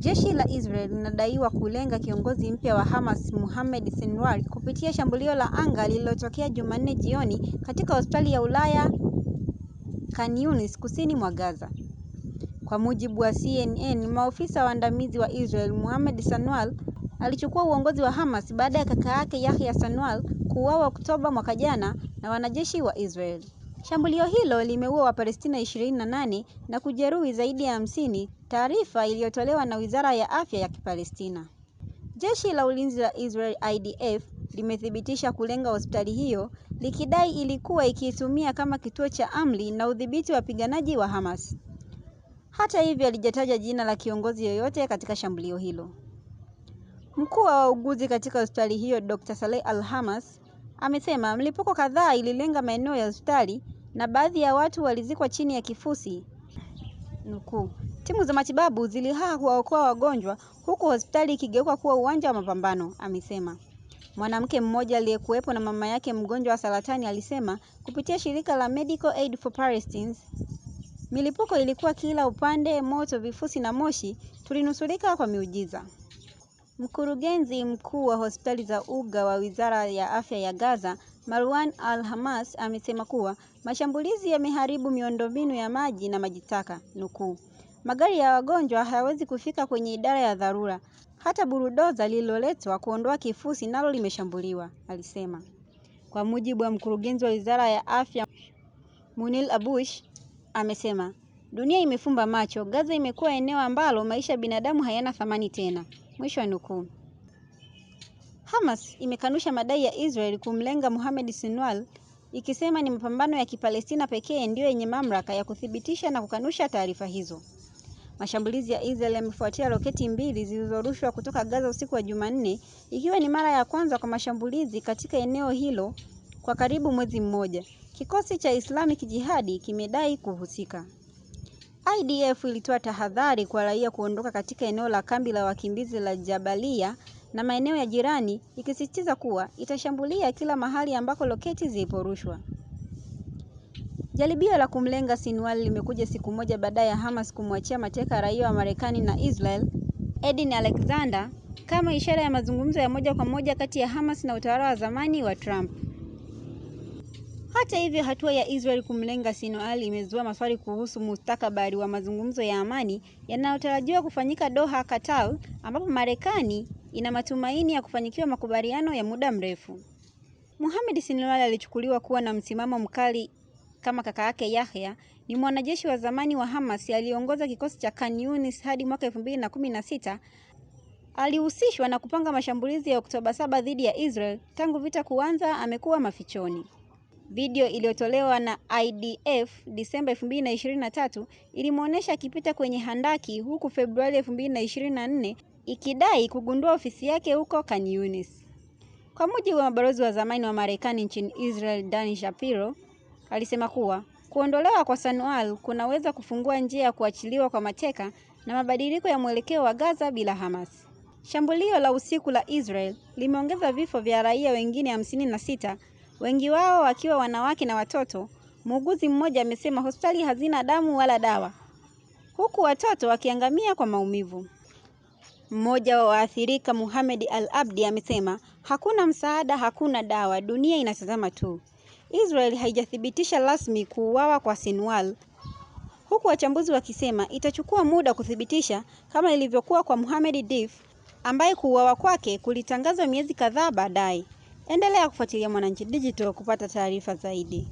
Jeshi la Israel linadaiwa kulenga kiongozi mpya wa Hamas, Mohamed Sinwar, kupitia shambulio la anga lililotokea Jumanne jioni katika hospitali ya ulaya Khan Yunis kusini mwa Gaza. Kwa mujibu wa CNN, maofisa waandamizi wa Israel, Mohamed sanwal alichukua uongozi wa Hamas baada ya kaka yake Yahya Sinwar kuuawa Oktoba mwaka jana na wanajeshi wa Israel. Shambulio hilo limeua Wapalestina 28 na kujeruhi zaidi ya hamsini, taarifa iliyotolewa na Wizara ya Afya ya kipalestina Jeshi la Ulinzi la Israel IDF limethibitisha kulenga hospitali hiyo, likidai ilikuwa ikiitumia kama kituo cha amri na udhibiti wa wapiganaji wa Hamas. Hata hivyo, alijataja jina la kiongozi yoyote katika shambulio hilo. Mkuu wa wauguzi katika hospitali hiyo, Dr. Saleh Al-Hamas, amesema mlipuko kadhaa ililenga maeneo ya hospitali na baadhi ya watu walizikwa chini ya kifusi. Nukuu, timu za matibabu zilihaa kuwaokoa wagonjwa huku hospitali ikigeuka kuwa uwanja wa mapambano, amesema. Mwanamke mmoja aliyekuwepo na mama yake mgonjwa wa saratani alisema kupitia shirika la Medical Aid for Palestinians, milipuko ilikuwa kila upande, moto, vifusi na moshi, tulinusurika kwa miujiza. Mkurugenzi mkuu wa hospitali za Uga wa Wizara ya Afya ya Gaza, Marwan al-Hamas amesema kuwa mashambulizi yameharibu miundombinu ya maji na maji taka, nukuu, magari ya wagonjwa hayawezi kufika kwenye idara ya dharura, hata burudoza lililoletwa kuondoa kifusi nalo limeshambuliwa, alisema. Kwa mujibu wa mkurugenzi wa Wizara ya Afya, Munil Abush, amesema, dunia imefumba macho, Gaza imekuwa eneo ambalo maisha ya binadamu hayana thamani tena. Mwisho wa nukuu. Hamas imekanusha madai ya Israel kumlenga Mohamed Sinwar ikisema ni mapambano ya Kipalestina pekee ndiyo yenye mamlaka ya kuthibitisha na kukanusha taarifa hizo. Mashambulizi ya Israel yamefuatia roketi mbili zilizorushwa kutoka Gaza usiku wa Jumanne, ikiwa ni mara ya kwanza kwa mashambulizi katika eneo hilo kwa karibu mwezi mmoja. Kikosi cha Islamic jihadi kimedai kuhusika. IDF ilitoa tahadhari kwa raia kuondoka katika eneo la kambi la wakimbizi la Jabalia na maeneo ya jirani ikisisitiza kuwa itashambulia kila mahali ambako roketi ziliporushwa. Jaribio la kumlenga Sinwar limekuja siku moja baada ya Hamas kumwachia mateka raia wa Marekani na Israel, Edin Alexander, kama ishara ya mazungumzo ya moja kwa moja kati ya Hamas na utawala wa zamani wa Trump. Hata hivyo, hatua ya Israel kumlenga Sinoaali imezua maswali kuhusu mustakabali wa mazungumzo ya amani yanayotarajiwa kufanyika Doha, Qatar, ambapo Marekani ina matumaini ya kufanikiwa makubaliano ya muda mrefu. Mohamed Sinoaali alichukuliwa kuwa na msimamo mkali kama kaka yake Yahya. Ni mwanajeshi wa zamani wa Hamas aliyeongoza kikosi cha Khan Yunis hadi mwaka 2016. Alihusishwa na kupanga mashambulizi ya Oktoba saba dhidi ya Israel. Tangu vita kuanza, amekuwa mafichoni. Video iliyotolewa na IDF Disemba 2023 ilimuonesha akipita kwenye handaki huku Februari 2024 ikidai kugundua ofisi yake huko Khan Kwa mujibu wa mabalozi wa zamani wa Marekani nchini Israel Dan Shapiro, alisema kuwa kuondolewa kwa Sanwal kunaweza kufungua njia ya kuachiliwa kwa mateka na mabadiliko ya mwelekeo wa Gaza bila Hamas. Shambulio la usiku la Israel limeongeza vifo vya raia wengine hamsini na sita wengi wao wakiwa wanawake na watoto. Muuguzi mmoja amesema hospitali hazina damu wala dawa, huku watoto wakiangamia kwa maumivu. Mmoja wa waathirika Mohamed Al Abdi amesema hakuna msaada, hakuna dawa, dunia inatazama tu. Israel haijathibitisha rasmi kuuawa kwa Sinwar, huku wachambuzi wakisema itachukua muda kuthibitisha kama ilivyokuwa kwa Mohamed Dif ambaye kuuawa kwake kulitangazwa miezi kadhaa baadaye. Endelea kufuatilia Mwananchi Digital kupata taarifa zaidi.